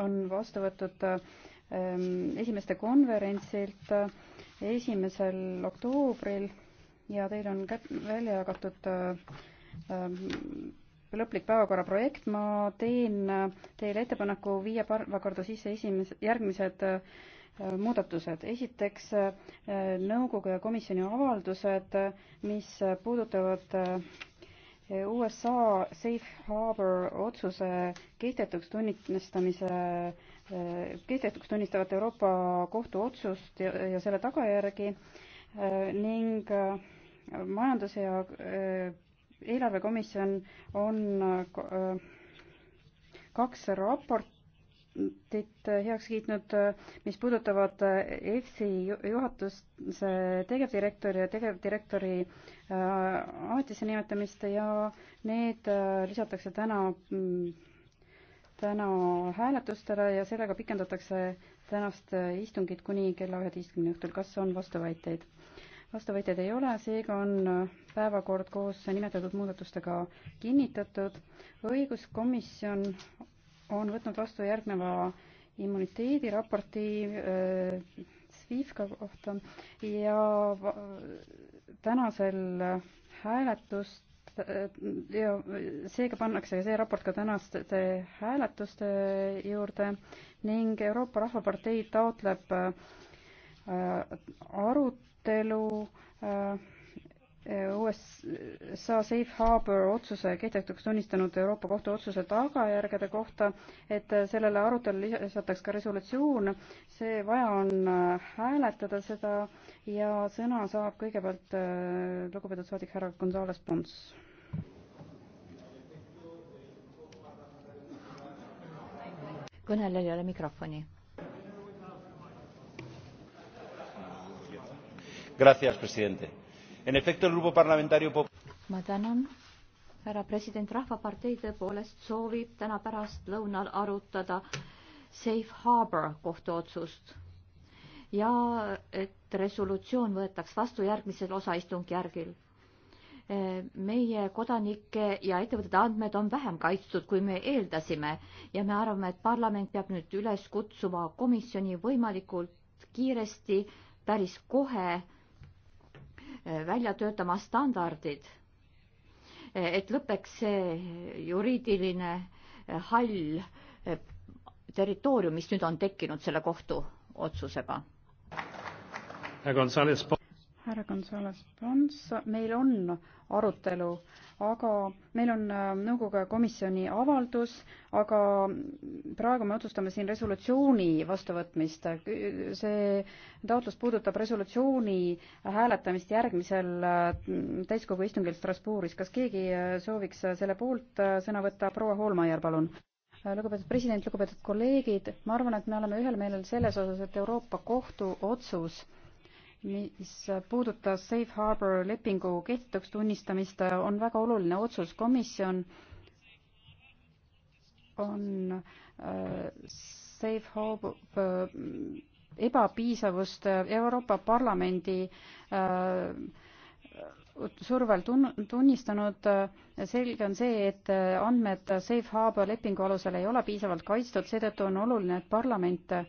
on vastu võetud ähm, esimeste konverentsilt äh, esimesel oktoobril ja teil on kät-, välja jagatud äh, ähm, lõplik päevakorra projekt, ma teen äh, teile ettepaneku viia päevakorda sisse esimes-, järgmised muudatused. esiteks nõukogu ja komisjoni avaldused, mis puudutavad USA Safe Harbor otsuse kehtetuks tunnistamise kehtetuks tunnistavat Euroopa Kohtu otsust ja, ja selle tagajärgi eh, ning eh, majandus- ja eh, eelarvekomisjon on kaks raport, teid äh, heaks kiitnud, äh, mis puudutavad äh, EFSI juhatuse tegevdirektori ja tegevdirektori ametisse nimetamist ja need lisatakse täna, mm, täna hääletustele ja sellega pikendatakse tänast istungit kuni kella üheteistkümne õhtul. kas on vastuväiteid? vastuväiteid ei ole, seega on päevakord koos nimetatud muudatustega kinnitatud. õiguskomisjon on võtnud vastu järgneva immuniteediraporti äh, SWIFT-ga kohta ja tänasel hääletust äh, ja seega pannakse see raport ka tänaste hääletuste juurde ning Euroopa Rahvapartei taotleb äh, arutelu äh, USA Safe Harbor otsuse kehtetuks tunnistanud Euroopa Kohtu otsuse tagajärgede kohta, et sellele arutelule lisataks ka resolutsioon. see vaja on hääletada seda ja sõna saab kõigepealt äh, lugupeetud saadik härra Gonzales Pons. kõnelejal ei ole mikrofoni. Gracias, presidente En efecto, el grupo parlamentario pop-. ma tänan, härra president, Rahvapartei tõepoolest soovib täna pärastlõunal arutada Safe Harbor kohtuotsust ja et resolutsioon võetaks vastu järgmisel osaistungjärgil. meie kodanike ja ettevõtete andmed on vähem kaitstud, kui me eeldasime ja me arvame, et parlament peab nüüd üles kutsuma komisjoni võimalikult kiiresti, päris kohe välja töötama standardid, et lõpeks see juriidiline hall territoorium, mis nüüd on tekkinud selle kohtuotsusega härra Gonzales Pons, meil on arutelu, aga meil on äh, nõukogu ja komisjoni avaldus, aga praegu me otsustame siin resolutsiooni vastuvõtmist. see taotlus puudutab resolutsiooni hääletamist järgmisel äh, täiskogu istungil Strasbourgis. kas keegi äh, sooviks selle poolt sõna võtta? proua Hoolmeier, palun lugupeetud president, lugupeetud kolleegid, ma arvan, et me oleme ühel meelel selles osas, et Euroopa Kohtu otsus mis puudutas Safe Harbor lepingu kehtetuks tunnistamist, on väga oluline otsus. komisjon on äh, Safe Harbor äh, ebapiisavust Euroopa Parlamendi äh, survel tun-, tunnistanud, selge on see, et andmed Safe Harbor lepingu alusel ei ole piisavalt kaitstud, seetõttu on oluline, et parlament äh,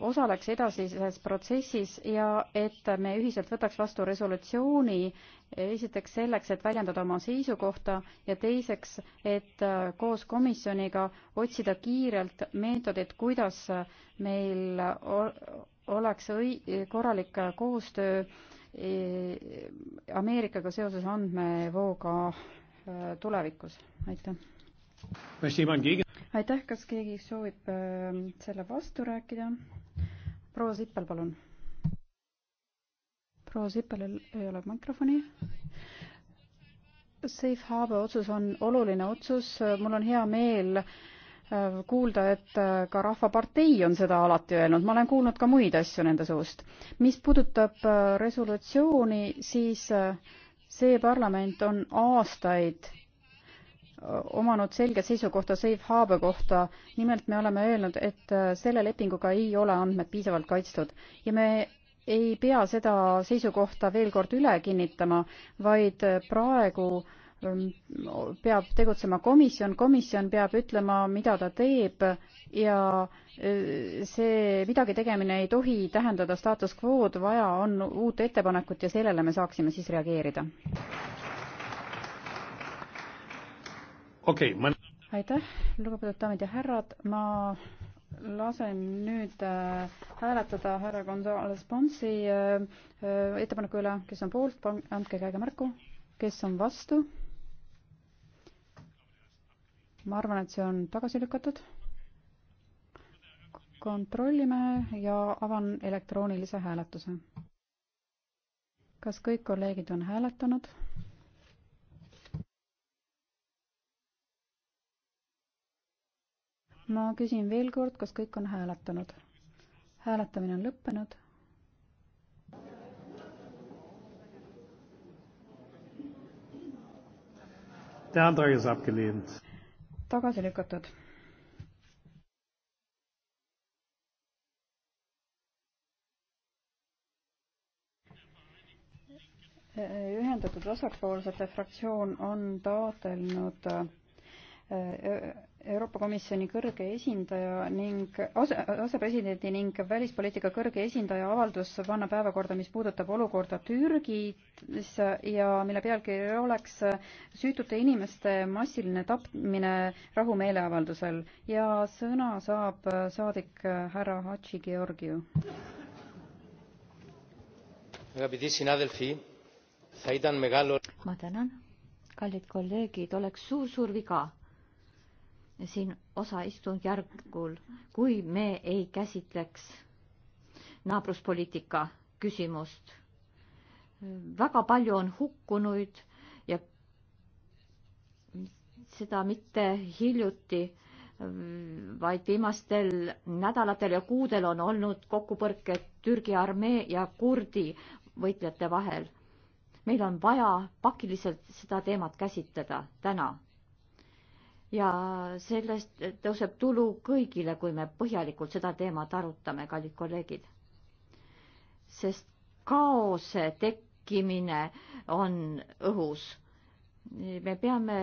osaleks edasises protsessis ja et me ühiselt võtaks vastu resolutsiooni esiteks selleks, et väljendada oma seisukohta ja teiseks, et koos komisjoniga otsida kiirelt meetodit, kuidas meil oleks õi-, korralik koostöö Ameerikaga seoses andmevooga tulevikus, aitäh aitäh, kas keegi soovib ähm, selle vastu rääkida? proua Sippel, palun. proua Sippelil ei ole mikrofoni. Safe Harbor otsus on oluline otsus, mul on hea meel äh, kuulda, et äh, ka Rahvapartei on seda alati öelnud, ma olen kuulnud ka muid asju nende suust. mis puudutab äh, resolutsiooni, siis see parlament on aastaid omanud selge seisukohta Safe Harbor kohta. nimelt me oleme öelnud, et äh, selle lepinguga ei ole andmed piisavalt kaitstud ja me ei pea seda seisukohta veel kord üle kinnitama, vaid äh, praegu ähm, peab tegutsema komisjon, komisjon peab ütlema, mida ta teeb ja äh, see midagi tegemine ei tohi tähendada status quo'd, vaja on uut ettepanekut ja sellele me saaksime siis reageerida okei okay, ma.... aitäh, lugupeetud daamid ja härrad, ma lasen nüüd äh, hääletada härra Gonzales Ponsi äh, äh, ettepaneku üle, kes on poolt, andke käega märku, kes on vastu. ma arvan, et see on tagasi lükatud. kontrollime ja avan elektroonilise hääletuse. kas kõik kolleegid on hääletanud? ma küsin veel kord, kas kõik on hääletanud? hääletamine on lõppenud. tagasi lükatud. Ühendatud vasakpoolsete fraktsioon on taotlenud äh, Euroopa Komisjoni kõrge esindaja ning ase, asepresidendi ning välispoliitika kõrge esindaja avaldus panna päevakorda, mis puudutab olukorda Türgis ja mille pealkiri oleks süütute inimeste massiline tapmine rahumeeleavaldusel ja sõna saab saadik härra Hatši Georgiu. ma tänan, kallid kolleegid, oleks suur-suur viga siin osa istungjärgul, kui me ei käsitleks naabruspoliitika küsimust. väga palju on hukkunuid ja seda mitte hiljuti, vaid viimastel nädalatel ja kuudel on olnud kokkupõrked Türgi armee ja kurdi võitlejate vahel. meil on vaja pakiliselt seda teemat käsitleda täna ja sellest tõuseb tulu kõigile, kui me põhjalikult seda teemat arutame, kallid kolleegid. sest kaose tekkimine on õhus. me peame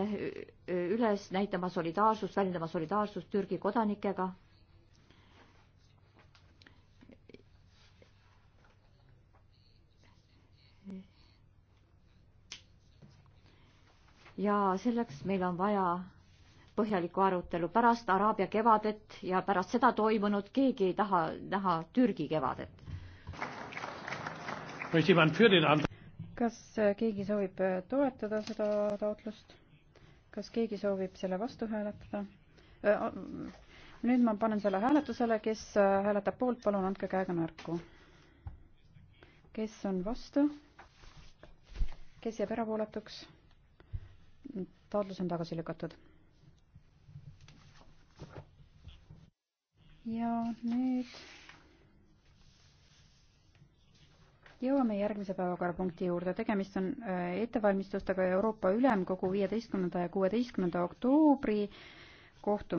üles näitama solidaarsust, väljendama solidaarsust Türgi kodanikega. ja selleks meil on vaja põhjalikku arutelu. pärast Araabia kevadet ja pärast seda toimunut keegi ei taha näha Türgi kevadet. kas äh, keegi soovib äh, toetada seda taotlust? kas keegi soovib selle vastu hääletada? Äh, nüüd ma panen selle hääletusele, kes hääletab poolt, palun andke käega märku. kes on vastu? kes jääb erapooletuks? taotlus on tagasi lükatud ja nüüd jõuame järgmise päevakorrapunkti juurde. tegemist on äh, ettevalmistustega Euroopa Ülemkogu viieteistkümnenda ja kuueteistkümnenda oktoobri kohtumisel.